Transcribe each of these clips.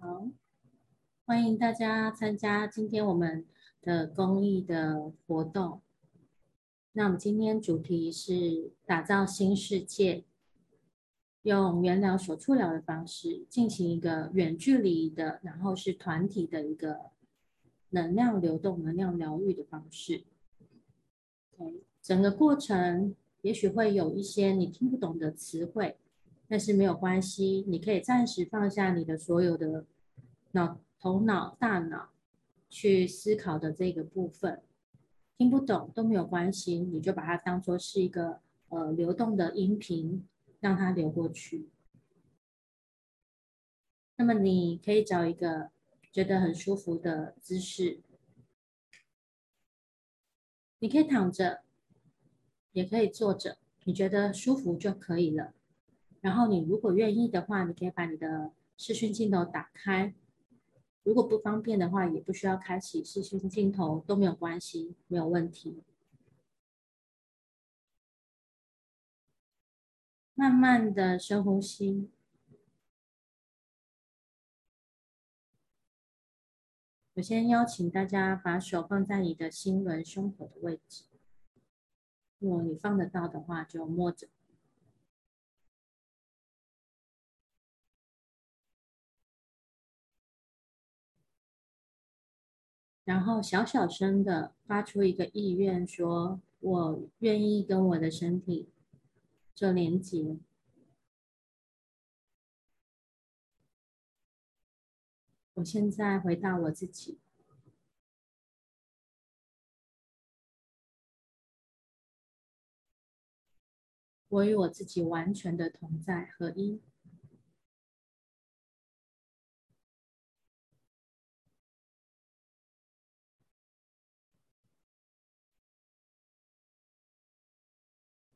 好，歡迎大家參加今天我們的公益的活動。那我們今天主題是打造心世界，用源療手觸療的方式進行一個遠距離的，然後是團體的一個能量流動、能量療癒的方式。Okay, 整個過程也許會有一些你聽不懂的詞彙。但是沒有關係，你可以暫時放下你的所有的腦、頭腦、大腦去思考的這個部分，聽不懂都沒有關係，你就把它當做是一個呃流動的音頻，讓它流過去。那麼你可以找一個覺得很舒服的姿勢，你可以躺着，也可以坐着，你覺得舒服就可以了。然後你如果願意的話，你可以把你的視訊鏡頭打開。如果不方便的話，也不需要開啟視訊鏡頭都沒有關係，沒有問題。慢慢的深呼吸。我先邀請大家把手放在你的心輪胸口的位置，如果你放得到的話，就摸着。然後小小聲的發出一個意願，說，我願意跟我的身體做連接。我現在回到我自己，我與我自己完全的同在合一。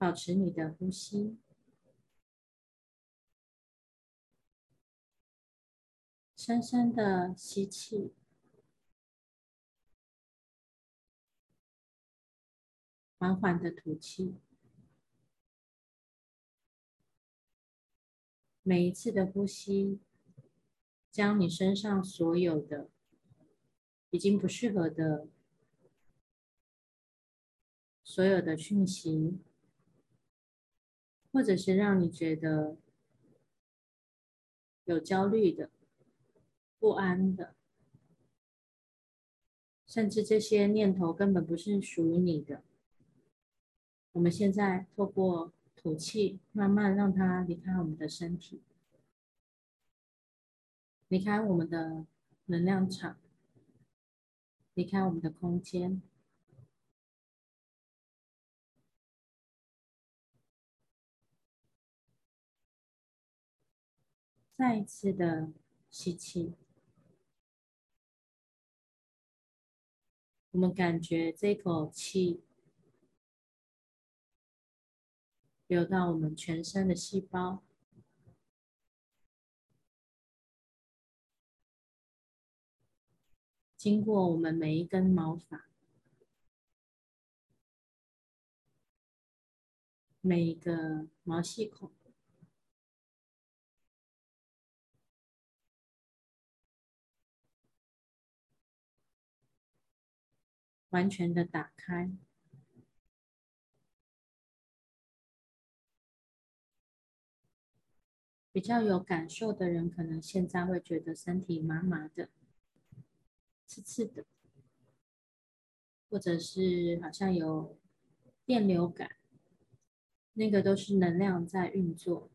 保持你的呼吸，深深的吸氣，緩緩的吐氣。每一次的呼吸，將你身上所有的已經不適合的所有的訊息。或者是讓你覺得有焦慮的、不安的，甚至這些念頭根本不是屬於你的。我們現在透過吐氣，慢慢讓它離開我們的身體，離開我們的能量場，離開我們的空間。再一次的吸氣，我們感覺這口氣流到我們全身的細胞，經過我們每一根毛髮、每一個毛細孔。完全的打開，比較有感受的人，可能現在會覺得身體麻麻的、刺刺的，或者是好像有電流感，那個都是能量在運作，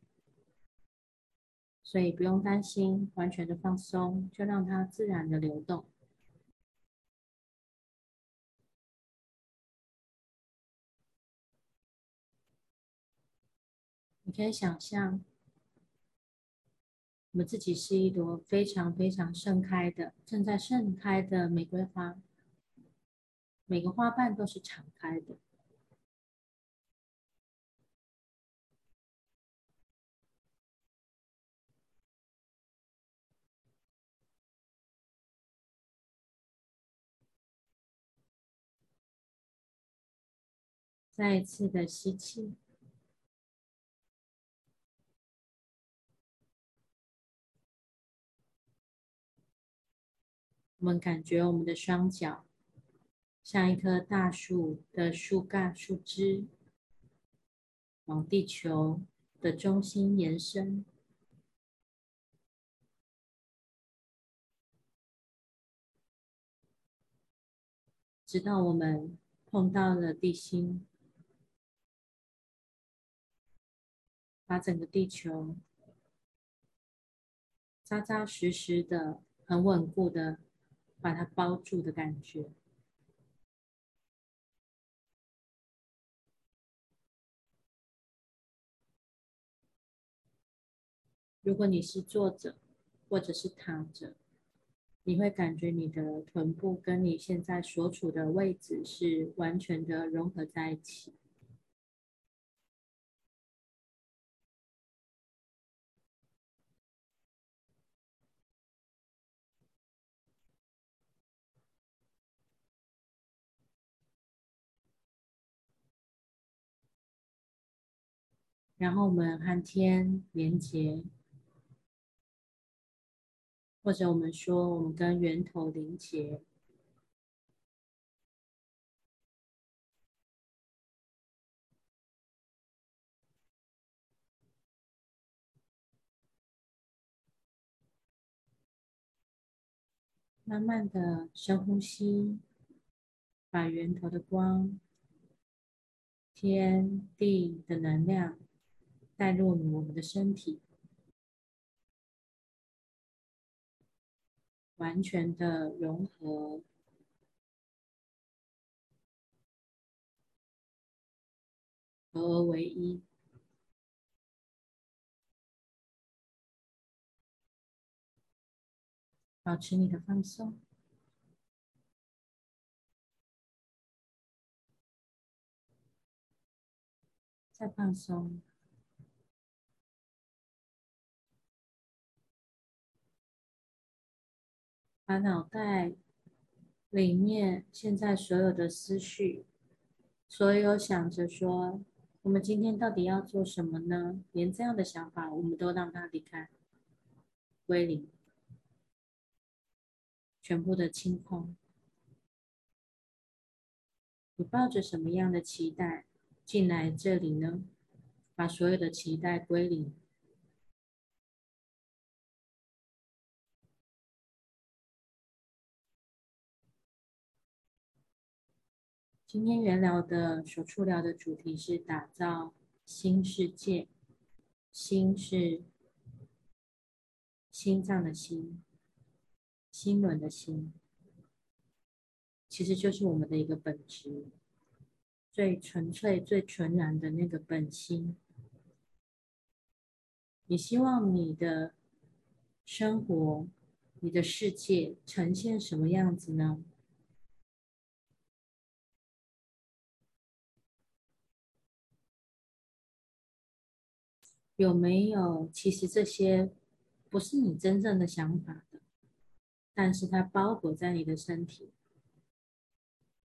所以不用擔心，完全的放鬆，就讓它自然的流動。你可以想象，我們自己是一朵非常非常盛開的、正在盛開的玫瑰花，每個花瓣都是敞開的。再一次的吸氣。我們感覺我們的雙腳像一棵大樹的樹幹、樹枝，往地球的中心延伸，直到我們碰到了地心，把整個地球紮紮實實的、很穩固的。把它包住的感覺。如果你是坐着，或者是躺着，你會感覺你的臀部跟你現在所處的位置是完全的融合在一起。然後我們和天連接，或者我們說我們跟源頭連接，慢慢的深呼吸，把源頭的光、天地的能量。帶入你，我們的身體，完全的融合，合而為一，保持你的放鬆，再放鬆。把腦袋裡面現在所有的思緒，所有想着說我們今天到底要做什麼呢？連這樣的想法我們都讓它離開，歸零，全部的清空。你抱着什麼樣的期待進來這裡呢？把所有的期待歸零。今天源療的手觸療的主題是打造心世界。心是心臟的心，心輪的心，其實就是我們的一個本質，最純粹、最純然的那個本心。你希望你的生活、你的世界呈現什麼樣子呢？有沒有？其實這些不是你真正的想法的，但是它包裹在你的身體，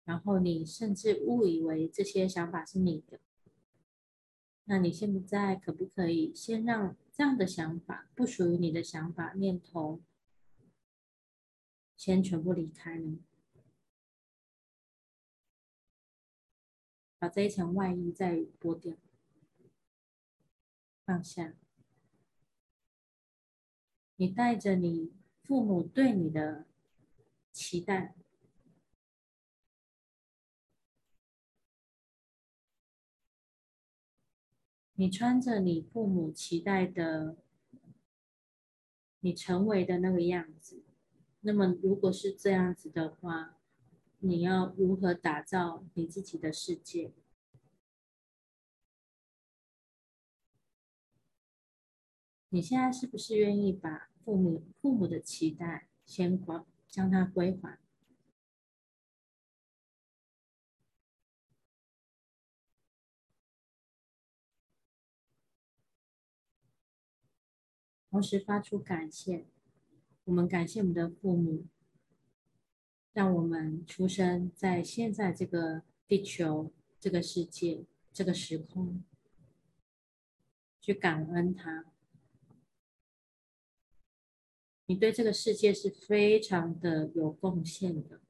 然後你甚至誤以為這些想法是你的。那你現在可不可以先讓這樣的想法不屬於你的想法念頭，先全部離開呢？把這一層外衣再剝掉。放下，你帶着你父母對你的期待，你穿着你父母期待的你成為的那個樣子，那麼如果是這樣子的話，你要如何打造你自己的世界？你現在是不是願意把父母父母的期待先歸，將它歸還？同時發出感謝，我們感謝我們的父母，讓我們出生在現在這個地球、這個世界、這個時空，去感恩他。你對這個世界是非常的有貢獻的。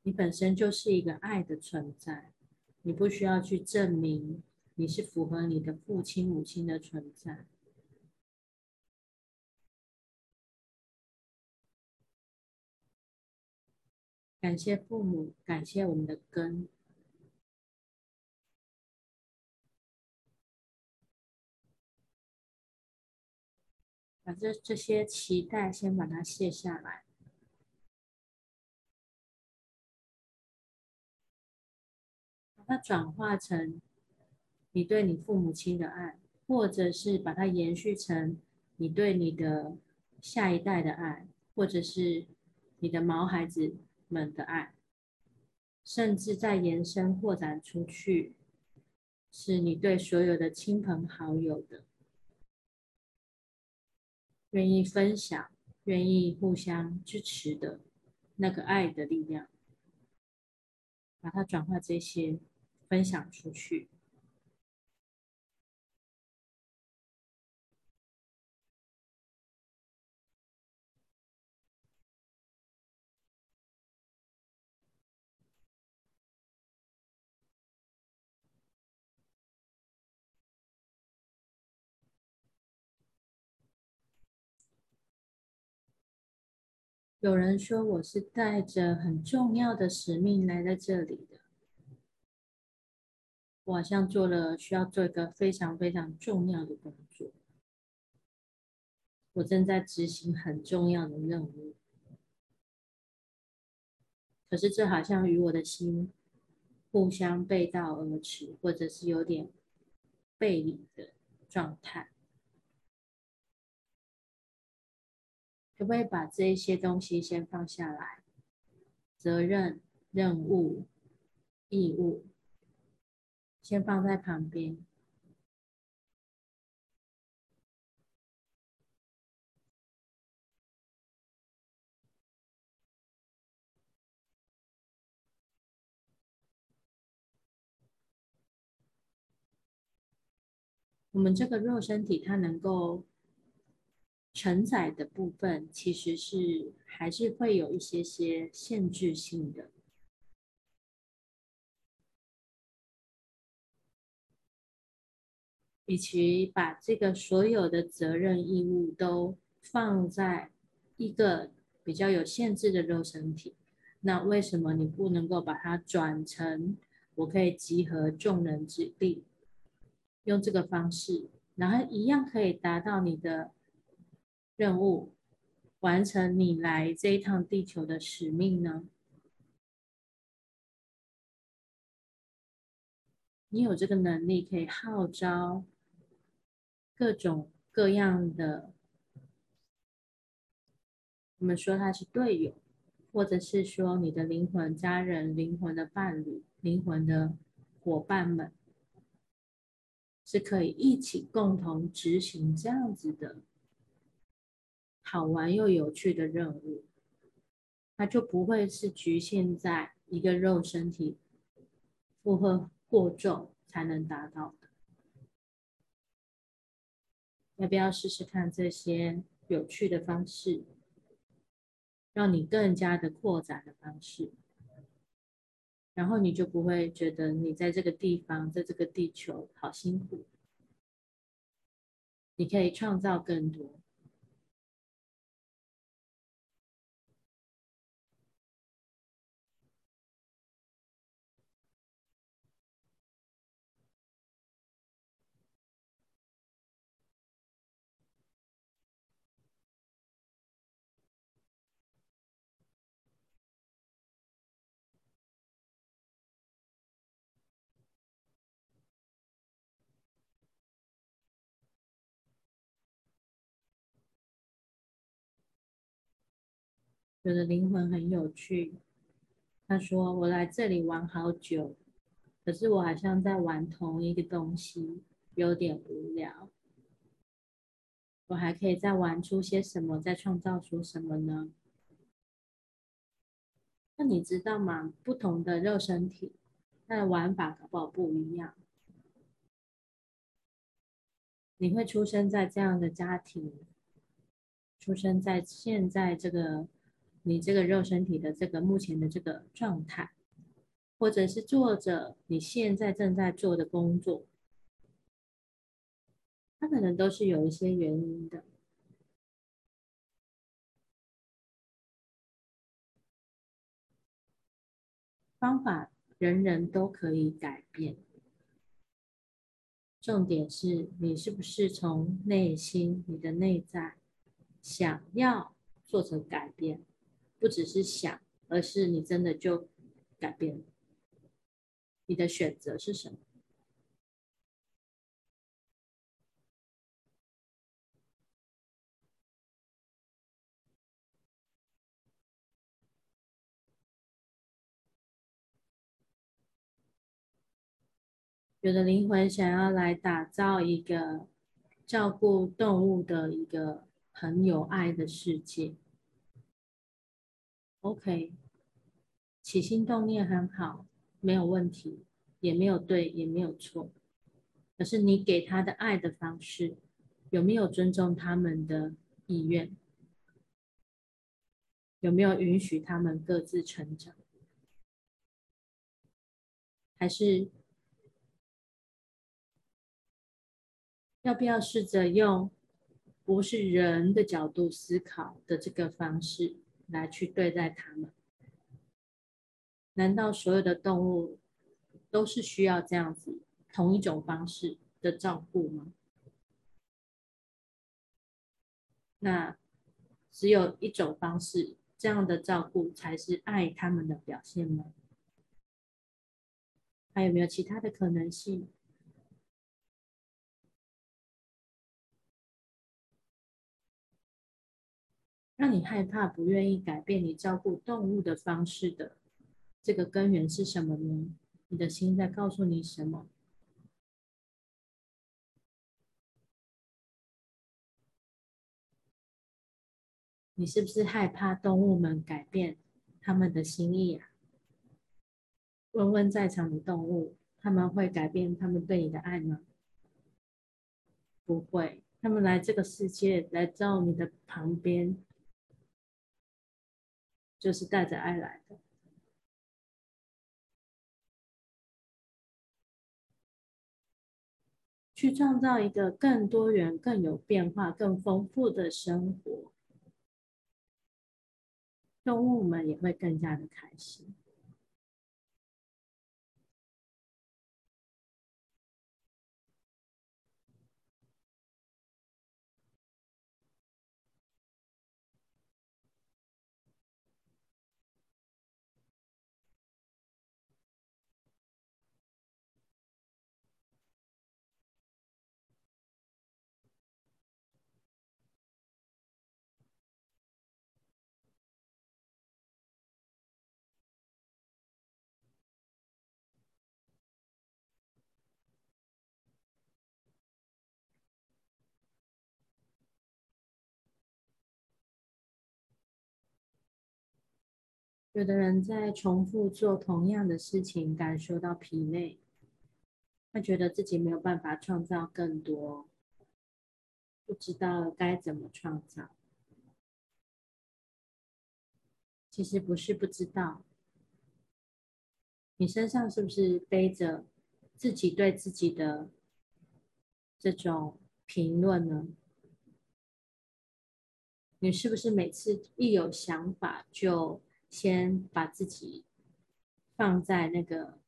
你本身就是一個愛的存在，你不需要去證明你是符合你的父親母親的存在。感謝父母，感謝我們的根。把這這些期待先把它卸下來，把它轉化成你對你父母親的愛，或者是把它延續成你對你的下一代的愛，或者是你的毛孩子們的愛，甚至再延伸擴展出去，是你對所有的親朋好友的。願意分享、願意互相支持的那個愛的力量，把它轉化這些分享出去。有人說我是帶着很重要的使命來在這裡的，我好像做了需要做一個非常非常重要的工作，我正在執行很重要的任務，可是這好像與我的心互相背道而馳，或者是有點背離的狀態。可不可以把這一些東西先放下來？責任、任務、義務，先放在旁邊。我們這個肉身體，它能夠。承載的部分其實是還是會有一些些限制性的。與其把這個所有的責任義務都放在一個比較有限制的肉身體，那為什麼你不能夠把它轉成我可以集合眾人之力，用這個方式，然後一樣可以達到你的。任務完成，你來這一趟地球的使命呢？你有這個能力，可以號召各種各樣的，我們說他是隊友，或者是說你的靈魂家人、靈魂的伴侶、靈魂的夥伴，伴們，是可以一起共同執行這樣子的。好玩又有趣的任務，它就不會是局限在一個肉身體負荷過重才能達到的。要不要試試看這些有趣的方式，讓你更加的擴展的方式，然後你就不會覺得你在這個地方，在這個地球好辛苦。你可以創造更多。覺得靈魂很有趣，他說：“我來這裡玩好久，可是我好像在玩同一個東西，有點無聊。我還可以再玩出些什麼，再創造出什麼呢？那你知道嗎？不同的肉身體，它的玩法搞不好不一樣。你會出生在這樣的家庭，出生在現在這個。”你這個肉身體的這個目前的這個狀態，或者是做着你現在正在做的工作，它可能都是有一些原因的。方法人人都可以改變，重點是你是不是從內心、你的內在想要做成改變。不只是想，而是你真的就改變。你的選擇是什麼？有的靈魂想要來打造一個照顧動物的一個很有愛的世界。OK，起心動念很好，沒有問題，也沒有對，也沒有錯。可是你給他的愛的方式，有沒有尊重他們的意願？有沒有允許他們各自成長？還是要不要試着用不是人的角度思考的這個方式？來去對待他們，難道所有的動物都是需要這樣子同一種方式的照顧嗎？那只有一種方式這樣的照顧才是愛他們的表現嗎？還有沒有其他的可能性？讓你害怕、不願意改變你照顧動物的方式的這個根源是什麼呢？你的心在告訴你什麼？你是不是害怕動物們改變他們的心意啊？問問在場的動物，他們會改變他們對你的愛嗎？不會，他們來這個世界，來到你的旁邊。就是帶着愛來的，去創造一個更多元、更有變化、更豐富的生活，動物們也會更加的開心。有的人在重複做同樣的事情，感受到疲累，他覺得自己沒有辦法創造更多，不知道該怎麼創造。其實不是不知道，你身上是不是背着自己對自己的這種評論呢？你是不是每次一有想法就？先把自己放在那個，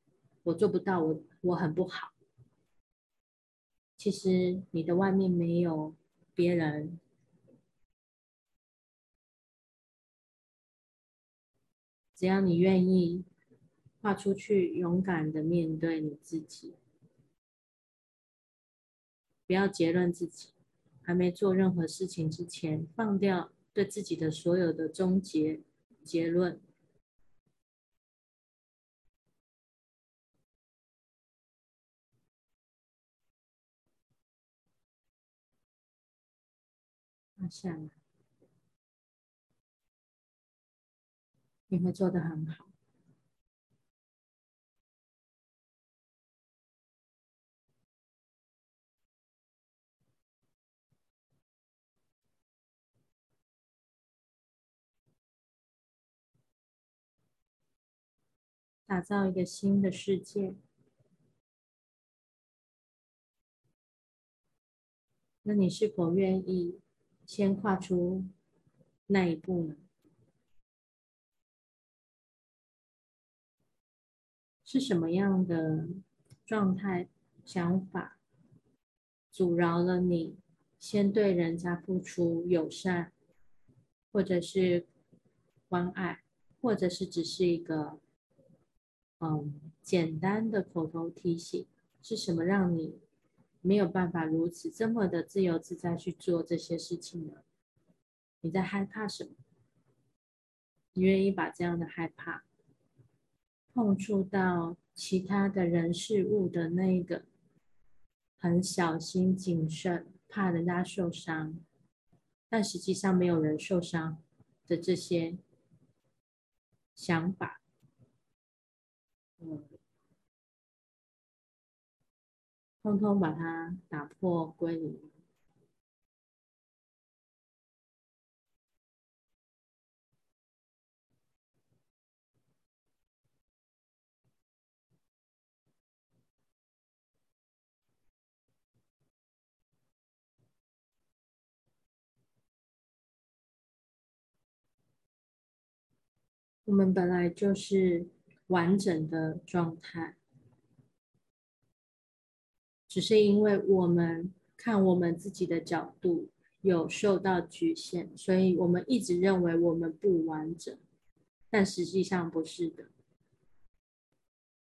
我做不到，我我很不好。其實你的外面沒有別人，只要你願意畫出去，勇敢的面對你自己，不要結論自己。還沒做任何事情之前，放掉對自己的所有的終結。結論。放下了，你們做得很好。打造一個新的世界，那你是否願意先跨出那一步呢？是什麼樣的狀態、想法阻撓了你先對人家付出友善，或者是關愛，或者是只是一個？嗯、哦，簡單的口頭提醒，是什麼讓你沒有辦法如此這麼的自由自在去做這些事情呢？你在害怕什麼？你願意把這樣的害怕碰觸到其他的人事物的那一個很小心謹慎，怕人家受傷，但實際上沒有人受傷的這些想法。嗯，通通把它打破歸零。嗯，通通把它打破零我們本來就是完整的狀態，只是因為我們看我們自己的角度有受到局限，所以我們一直認為我們不完整，但實際上不是的，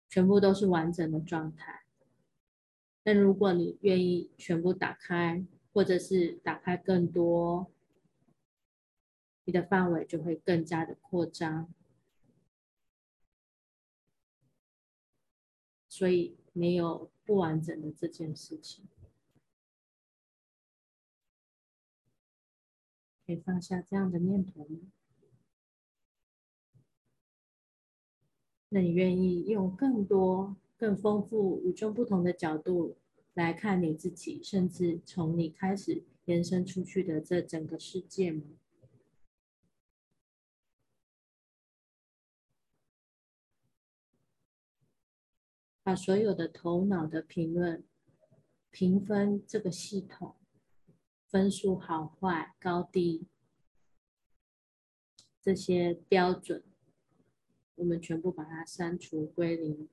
全部都是完整的狀態。但如果你願意全部打開，或者是打開更多，你的範圍就會更加的擴張。所以沒有不完整的這件事情，可以放下這樣的念頭嗎？那你願意用更多、更豐富、與眾不同的角度來看你自己，甚至從你開始延伸出去的這整個世界嗎？把所有的頭腦的評論、評分這個系統分數、好壞、高低這些標準，我們全部把它刪除歸零。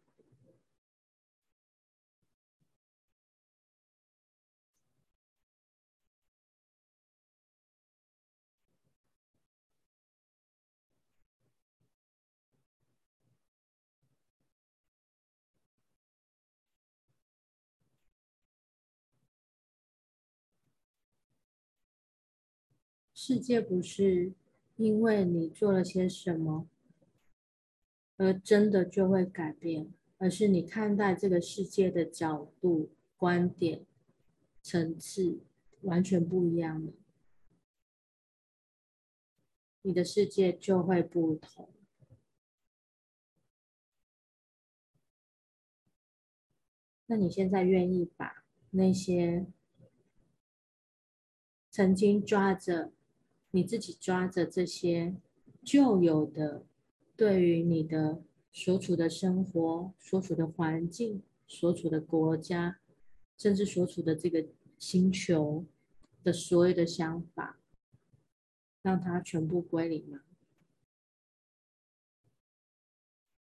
世界，不是因為你做了些什麼而真的就會改變，而是你看待這個世界的角度、觀點、層次完全不一樣了，你的世界就會不同。那你現在願意把那些曾經抓着你自己抓着這些舊有的，對於你的所處的生活、所處的環境、所處的國家，甚至所處的這個星球的所有的想法，讓它全部歸零嗎？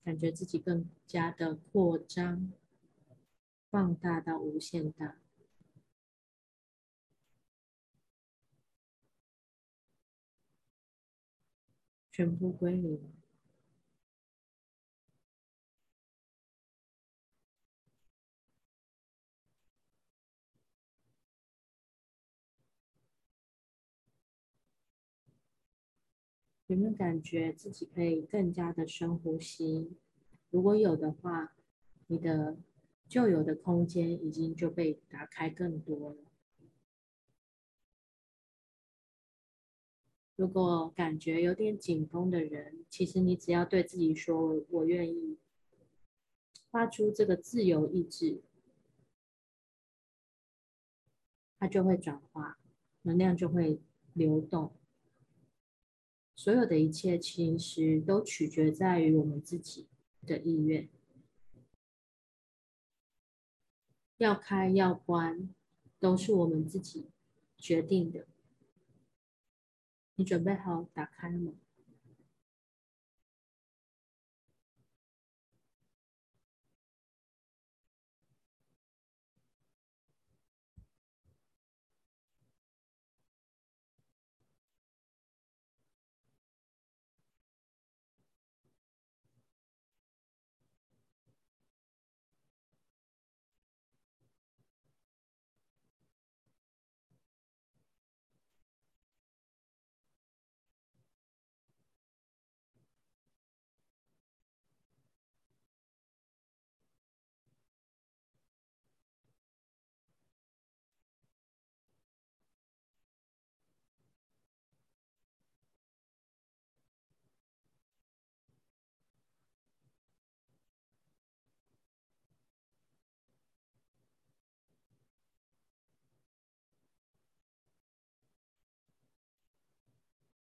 感覺自己更加的擴張、放大到無限大。全部歸零，有沒有感覺自己可以更加的深呼吸？如果有的話，你的舊有的空間已經就被打開更多了。如果感覺有點緊繃的人，其實你只要對自己說“我願意”，發出這個自由意志，它就會轉化，能量就會流動。所有的一切其實都取決在於我們自己的意願，要開要關都是我們自己決定的。你準備好打開了嗎？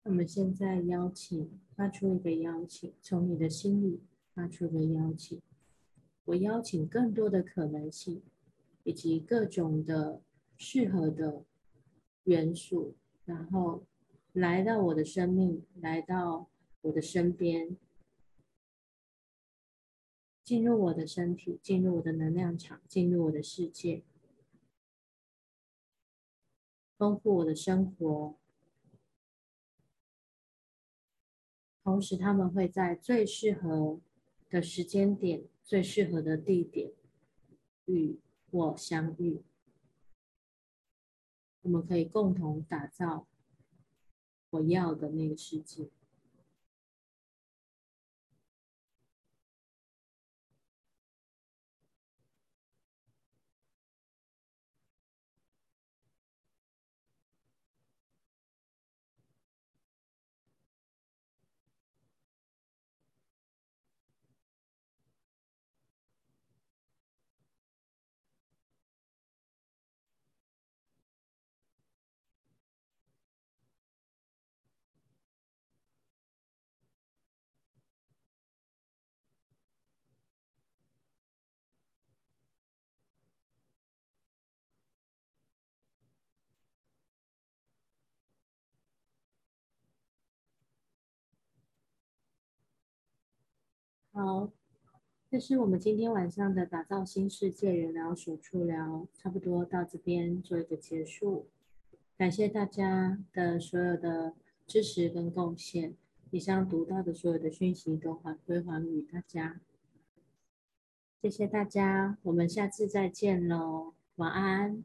我們現在邀請，發出一個邀請，從你的心裡發出一個邀請，我邀請更多的可能性，以及各種的適合的元素，然後來到我的生命，來到我的身邊，進入我的身體，進入我的能量場，進入我的世界，豐富我的生活。同時，他們會在最適合的時間點、最適合的地點與我相遇。我們可以共同打造我要的那個世界。好，這是我們今天晚上的打造新世界源療手觸療，差不多到這邊做一個結束。感謝大家的所有的支持跟貢獻，以上讀到的所有的訊息都還歸還給大家。謝謝大家，我們下次再見嘍，晚安。